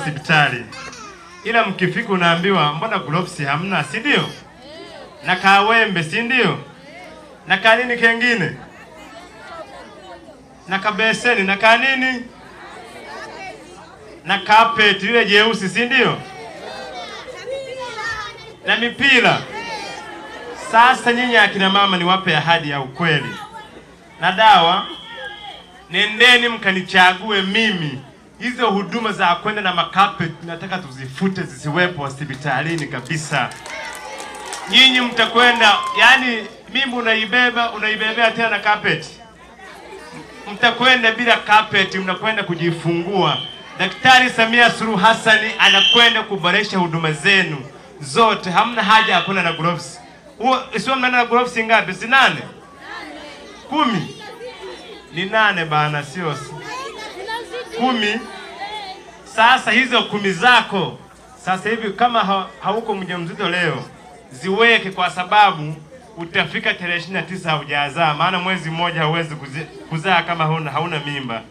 hospitali, ila mkifika unaambiwa mbona gloves hamna, si ndio? na kawembe, si ndio? na kanini kengine na kabeseni na kanini na kapeti lile jeusi, si ndio? na mipira. Sasa nyinyi akina mama, niwape ahadi ya ukweli na dawa, nendeni mkanichague mimi hizo huduma za kwenda na makapeti nataka tuzifute, zisiwepo hospitalini kabisa. Nyinyi mtakwenda yani, mimi unaibeba unaibebea tena na carpet, mtakwenda bila carpet, mnakwenda kujifungua. Daktari Samia Suluhu Hassan anakwenda kuboresha huduma zenu zote, hamna haja ya kwenda na gloves. Sio mnaenda na gloves ngapi? si nane, kumi ni nane bana, sio kumi. Sasa hizo kumi zako sasa hivi kama hauko mjamzito leo ziweke, kwa sababu utafika tarehe ishirini na tisa haujazaa. Maana mwezi mmoja hauwezi kuzaa kama hauna, hauna mimba.